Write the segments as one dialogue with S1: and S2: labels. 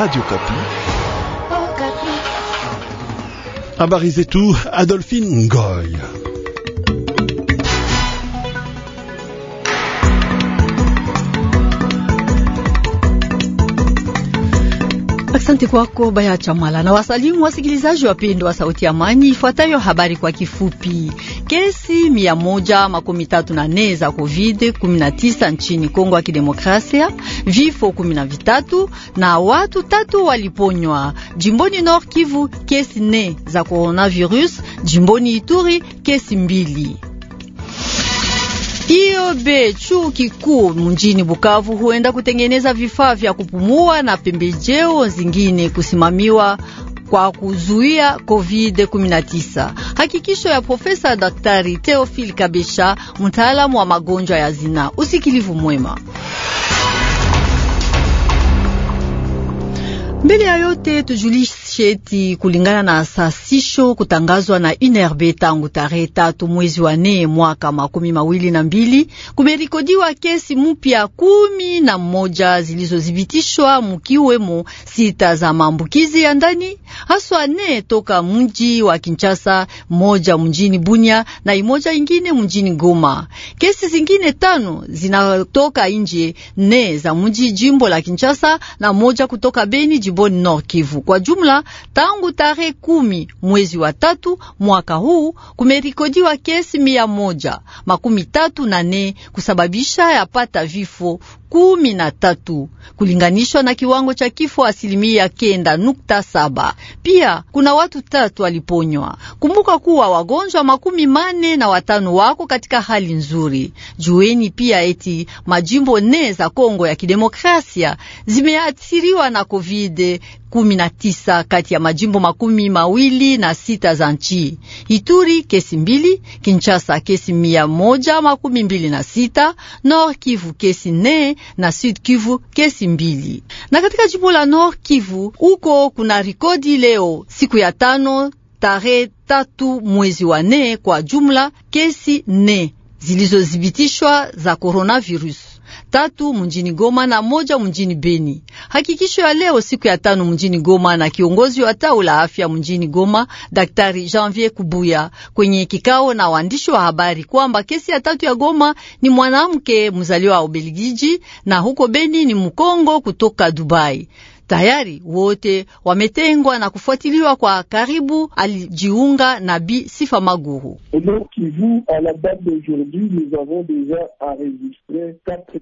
S1: Radio Kapi. Habari oh, zetu Adolphine Ngoy.
S2: Asante kwako Baya Chamala na wasalimu wasikilizaji wapendwa wa Sauti ya Amani. Ifuatayo habari kwa kifupi. Kesi mia moja makumi tatu na nne za COVID-19 nchini Kongo ya Kidemokrasia, vifo kumi na vitatu na watu tatu waliponywa. Jimboni Nord Kivu kesi nne za coronavirus, jimboni Ituri kesi mbili. IOB chuo kikuu mjini Bukavu huenda kutengeneza vifaa vya kupumua na pembejeo zingine kusimamiwa kwa kuzuia COVID-19. Hakikisho ya Profesa Daktari Theophile Kabesha, mtaalamu wa magonjwa ya zinaa. Usikilivu mwema. Mbele ya yote tujulishe eti kulingana na sasisho kutangazwa na INRB tangu tarehe tatu mwezi wa nne mwaka makumi mawili na mbili kumerikodiwa kesi mpya kumi na mmoja zilizodhibitishwa mukiwemo sita za maambukizi ya ndani haswa nne toka mji wa Kinshasa, moja mjini Bunya na imoja ingine mjini Goma. Kesi zingine tano zinatoka nje, nne za mji jimbo la Kinshasa na moja kutoka Beni jimboni Nord Kivu. Kwa jumla, tangu tarehe kumi mwezi wa tatu mwaka huu kumerikodiwa kesi mia moja makumi tatu na nne kusababisha yapata vifo kumi na tatu kulinganishwa na kiwango cha kifo asilimia kenda nukta saba. Pia kuna watu tatu waliponywa. Kumbuka kuwa wagonjwa makumi mane na watano wako katika hali nzuri vizuri. Jueni pia eti majimbo nne za Kongo ya Kidemokrasia zimeathiriwa na COVID 19 kati ya majimbo makumi mawili na sita za nchi. Ituri kesi mbili, Kinshasa kesi mia moja makumi mbili na sita, Nord Kivu kesi nne na Sud Kivu kesi mbili. Na katika jimbo la Nord Kivu uko kuna rikodi leo siku ya tano tarehe tatu mwezi wa nne kwa jumla kesi nne zilizozibitishwa za coronavirus, tatu mjini Goma na moja mjini Beni. Hakikisho ya leo siku ya tano mjini Goma na kiongozi wa tao la afya mjini Goma Daktari Janvier Kubuya kwenye kikao na waandishi wa habari kwamba kesi ya tatu ya Goma ni mwanamke mzaliwa wa Ubelgiji na huko Beni ni Mkongo kutoka Dubai tayari wote wametengwa na kufuatiliwa kwa karibu. Alijiunga na Bi Sifa Maguru.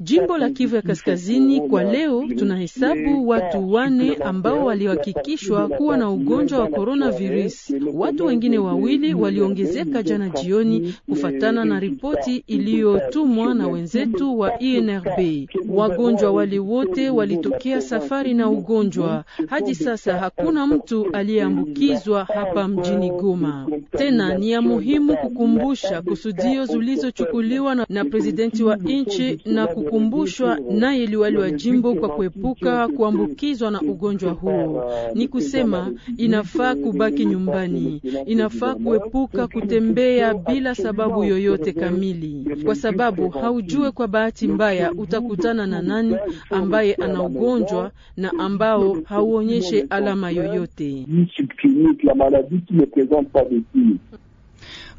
S3: Jimbo la Kivu ya Kaskazini kwa leo tunahesabu watu wane ambao waliohakikishwa kuwa na ugonjwa wa coronavirus.
S2: Watu wengine wawili waliongezeka jana jioni kufatana na ripoti iliyotumwa na wenzetu wa INRB. Wagonjwa wale wote walitokea safari na ugonjwa magonjwa. Hadi sasa hakuna mtu aliyeambukizwa hapa mjini Goma. Tena ni ya muhimu kukumbusha kusudio zilizochukuliwa na, na presidenti wa nchi na kukumbushwa naye liwali wa jimbo kwa kuepuka kuambukizwa na ugonjwa huo. Ni kusema inafaa kubaki nyumbani, inafaa kuepuka kutembea bila sababu yoyote kamili, kwa sababu haujue kwa bahati mbaya utakutana na nani ambaye ana ugonjwa na ambaye ambao hauonyeshe alama yoyote.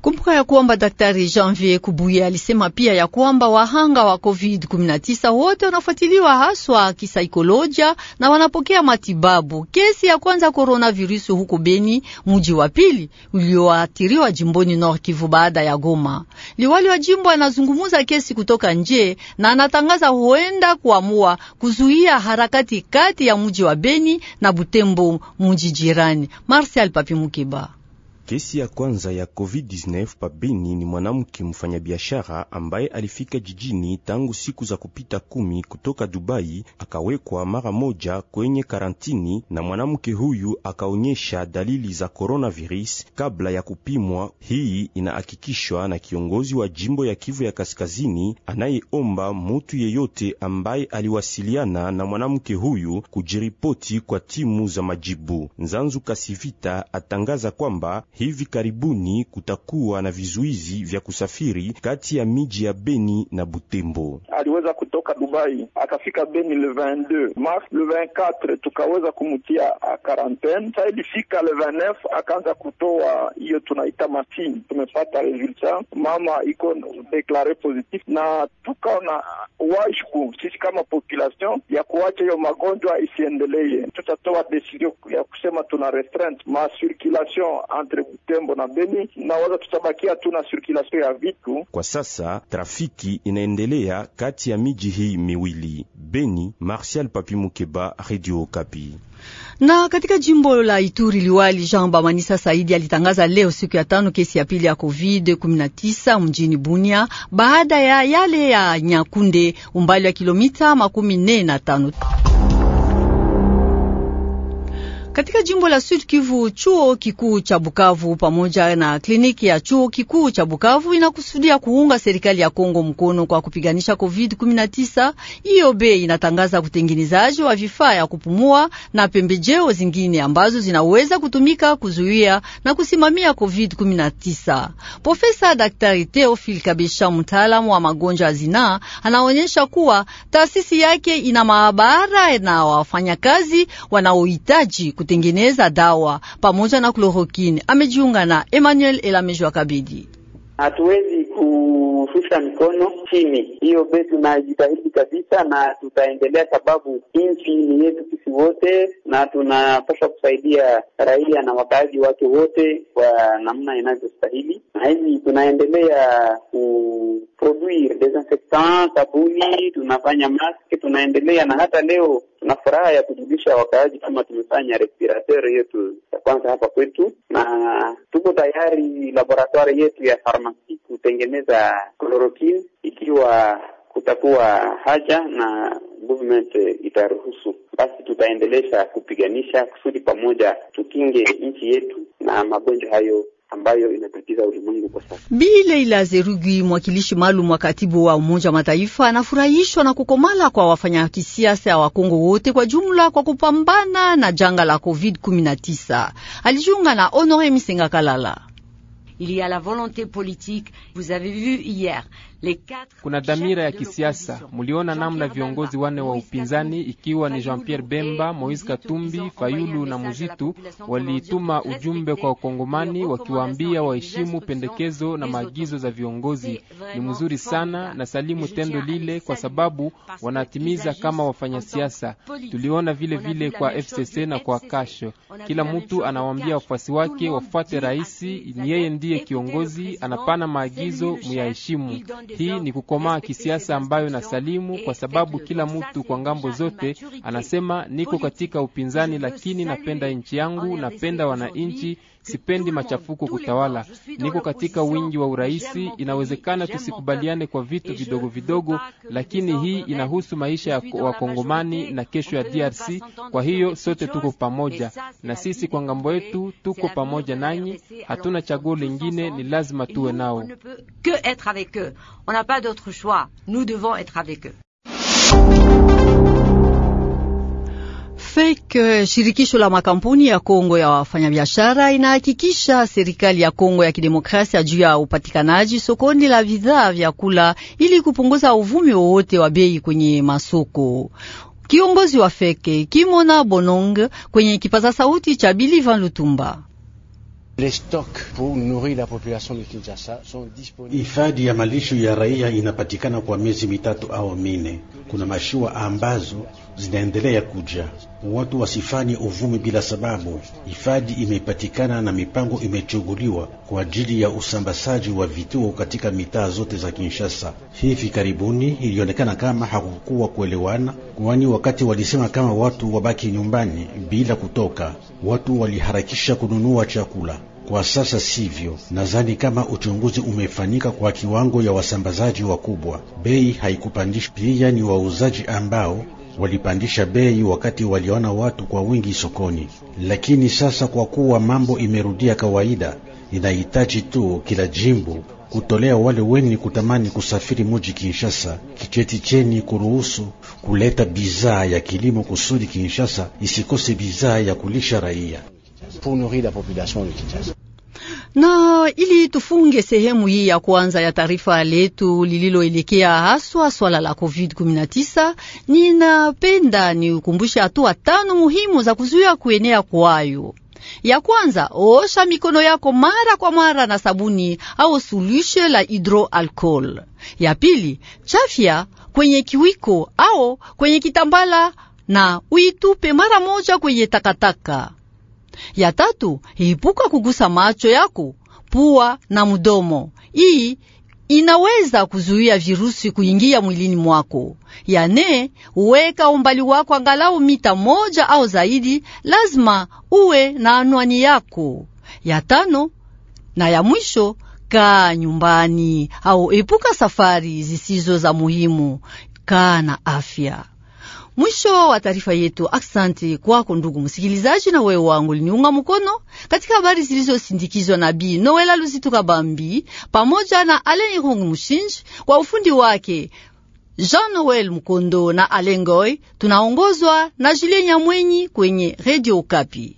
S2: Kumbuka ya kwamba Daktari Janvier Kubuye alisema pia ya kwamba wahanga wa COVID-19 wote wanafuatiliwa haswa kisaikolojia na wanapokea matibabu. Kesi ya kwanza coronavirus huko Beni, mji wa pili ulioathiriwa jimboni Nord Kivu baada ya Goma. Liwali wa jimbo anazungumuza kesi kutoka nje na anatangaza huenda kuamua kuzuia harakati kati ya mji wa Beni na Butembo, mji jirani. Marcel Papi Mukiba
S1: Kesi ya kwanza ya COVID-19 pabeni ni mwanamke mfanyabiashara ambaye alifika jijini tangu siku za kupita kumi kutoka Dubai, akawekwa mara moja kwenye karantini, na mwanamke huyu akaonyesha dalili za coronavirus kabla ya kupimwa. Hii inahakikishwa na kiongozi wa jimbo ya Kivu ya Kaskazini anayeomba mutu yeyote ambaye aliwasiliana na mwanamke huyu kujiripoti kwa timu za majibu. Nzanzu Kasivita atangaza kwamba hivi karibuni kutakuwa na vizuizi vya kusafiri kati ya miji ya Beni na Butembo.
S3: Aliweza kutoka Dubai akafika Beni le 22 mars, le 24 tukaweza kumtia quarantaine, sa fika le 29 akaanza kutoa hiyo tunaita masini, tumepata resulta mama iko deklare positif, na tukaona wajibu sisi kama population ya kuacha hiyo magonjwa isiendeleye. Tutatoa decision ya kusema tuna restreint ma circulation entre Butembo na Beni, waza tutabakia tu na sirkulasio ya vitu.
S1: Kwa sasa trafiki inaendelea kati ya miji hii miwili Beni. Martial Papi Mukeba, Radio Kapi.
S2: Na katika jimbo la Ituri liwali Jean Bamanisa Saidi alitangaza leo siku ya tano kesi ya pili ya Covid 19 mjini Bunia baada ya yale ya Nyakunde umbali wa kilomita makumi nne na tano. Katika jimbo la Sud Kivu, chuo kikuu cha Bukavu pamoja na kliniki ya chuo kikuu cha Bukavu inakusudia kuunga serikali ya Kongo mkono kwa kupiganisha COVID-19. bei inatangaza kutengenezaji wa vifaa ya kupumua na pembejeo zingine ambazo zinaweza kutumika kuzuia na kusimamia COVID-19. Profesa Daktari Theophile Kabesha, mtaalamu wa magonjwa ya zinaa, anaonyesha kuwa taasisi yake ina maabara na wafanyakazi wanaohitaji kutengeneza dawa pamoja na klorokini. Amejiunga na Emmanuel Elamejwa Kabidi.
S3: Hatuwezi kushusha mikono chini, hiyo be najitahidi kabisa, na tutaendelea sababu nchi ni yetu sisi wote, na tunapaswa kusaidia raia na wakaaji wake wote kwa namna inavyostahili, na hivi tunaendelea kuproduire desinfectant, sabuni, tunafanya mask, tunaendelea na hata leo Tuna furaha ya kujulisha wakaaji kama tumefanya respirateur yetu ya kwanza hapa kwetu, na tuko tayari laboratoire yetu ya farmasi kutengeneza chloroquine ikiwa kutakuwa haja na government itaruhusu, basi tutaendelesha kupiganisha kusudi pamoja tukinge nchi yetu na magonjwa hayo ambayo inatatiza ulimwengu kwa sasa.
S2: Bi Leila Zerugi, mwakilishi maalum wa katibu wa Umoja wa Mataifa, anafurahishwa na kukomala kwa wafanya kisiasa wa Kongo wote kwa jumla kwa kupambana na janga la COVID-19. Alijiunga na Honore Misenga Kalala. Il y a la volonté politique, vous avez vu hier
S3: kuna dhamira ya kisiasa. Mliona namna viongozi wane wa upinzani ikiwa ni Jean-Pierre Bemba, Moise Katumbi, Fayulu na Muzitu waliituma ujumbe kwa Wakongomani wakiwaambia waheshimu pendekezo na maagizo za viongozi. Ni mzuri sana na salimu tendo lile, kwa sababu wanatimiza kama wafanyasiasa. Tuliona vile vile kwa FCC na kwa Kasho, kila mtu anawaambia wafuasi wake wafuate rais, ni yeye ndiye kiongozi, anapana maagizo, muyaheshimu. Hii ni kukomaa kisiasa ambayo nasalimu, kwa sababu kila mtu kwa ngambo zote anasema niko katika upinzani, lakini napenda nchi yangu, napenda wananchi, sipendi machafuko kutawala. Niko katika wingi wa urahisi. Inawezekana tusikubaliane kwa vitu vidogo vidogo, lakini hii inahusu maisha ya Wakongomani na kesho ya DRC. Kwa hiyo sote tuko pamoja, na sisi kwa ngambo yetu tuko pamoja nanyi, hatuna chaguo lingine, ni lazima tuwe nao.
S2: On n'a pas d'autre choix. Nous devons être avec eux. FEC, eh, shirikisho la makampuni ya Kongo ya wafanyabiashara, inahakikisha serikali ya Kongo ya Kidemokrasia juu ya upatikanaji sokoni la bidhaa vyakula ili kupunguza uvumi wowote wa bei kwenye masoko. Kiongozi wa FEC Kimona Bonong kwenye kipaza sauti cha Bilivan Lutumba.
S1: Hifadhi ya malisho ya raia inapatikana kwa miezi mitatu au mine. Kuna mashua ambazo zinaendelea kuja, watu wasifanye uvumi bila sababu. Hifadhi imepatikana na mipango imechuguliwa kwa ajili ya usambazaji wa vituo katika mitaa zote za Kinshasa. Hivi karibuni ilionekana kama hakukuwa kuelewana, kwani wakati walisema kama watu wabaki nyumbani bila kutoka, watu waliharakisha kununua chakula kwa sasa sivyo. Nadhani kama uchunguzi umefanyika kwa kiwango ya wasambazaji wakubwa, bei haikupandishwa. Pia ni wauzaji ambao walipandisha bei wakati waliona watu kwa wingi sokoni, lakini sasa kwa kuwa mambo imerudia kawaida, inahitaji tu kila jimbo kutolea wale wenye kutamani kusafiri muji Kinshasa kicheti cheni kuruhusu kuleta bidhaa ya kilimo kusudi Kinshasa isikose bidhaa ya kulisha raia pour nourrir la population de Kinshasa
S2: na ili tufunge sehemu hii ya kwanza ya taarifa letu lililoelekea haswa swala la COVID-19, ninapenda niukumbushe hatua tano muhimu za kuzuia kuenea kwayo. Ya kwanza, osha mikono yako mara kwa mara na sabuni au suluhisho la hidroalkohol. Ya pili, chafya kwenye kiwiko au kwenye kitambala na uitupe mara moja kwenye takataka. Ya tatu, epuka kugusa macho yako, pua na mudomo. Hii inaweza kuzuia virusi kuingia mwilini mwako. Yane, uweka umbali wako angalau mita moja au zaidi, lazima uwe na anwani yako. Ya tano na ya mwisho, kaa nyumbani au epuka safari zisizo za muhimu. Kaa na afya. Mwisho wa taarifa yetu. Aksanti kwako ndugu msikilizaji, na wewe wangu liniunga mkono katika habari zilizosindikizwa na Bi Noela Luzituka Bambi pamoja na alen Rungu Mushinji kwa ufundi wake, Jean Noel Mukondo na Alengoy. Tunaongozwa na Julie Nyamwenyi kwenye redio ukapi